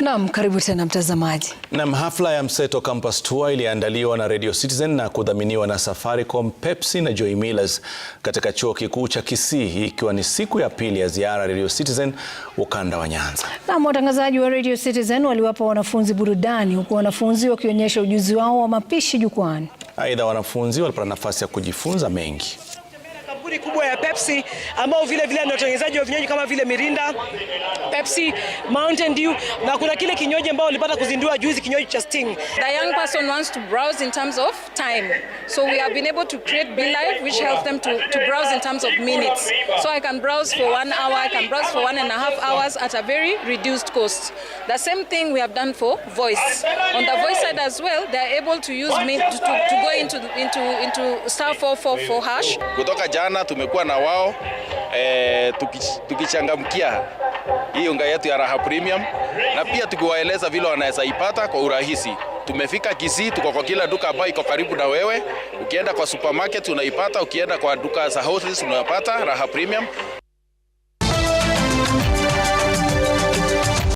Naam, karibu tena mtazamaji. Naam, hafla ya Mseto Campus Tour iliandaliwa na Radio Citizen na kudhaminiwa na Safaricom, Pepsi na Joy Millers katika Chuo Kikuu cha Kisii ikiwa ni siku ya pili ya ziara Radio Citizen ukanda wa Nyanza. Naam, watangazaji wa Radio Citizen waliwapa wanafunzi burudani huku wanafunzi wakionyesha ujuzi wao wa mapishi jukwani. Aidha, wanafunzi walipata nafasi ya kujifunza mengi kampuni kubwa ya Pepsi ambao vile vile ni watengenezaji wa vinywaji kama vile Mirinda, Pepsi, Mountain Dew na kuna kile kinywaji ambao walipata kuzindua juzi kinywaji cha Sting. The young person wants to browse in terms of time. So we have been able to create Be Live which helps them to, to browse in terms of minutes. So I can browse for one hour, I can browse for one and a half hours at a very reduced cost. The same thing we have done for voice. On the voice side as well, they are able to use me to, to, to go into, into, into star 444 hash. Kutoka jana tumekuwa na wao e, tukichangamkia hii unga yetu ya Raha Premium na pia tukiwaeleza vile wanaweza ipata kwa urahisi. Tumefika Kisii, tuko kwa kila duka ambayo iko karibu na wewe. Ukienda kwa supermarket unaipata, ukienda kwa duka za houses unapata Raha Premium.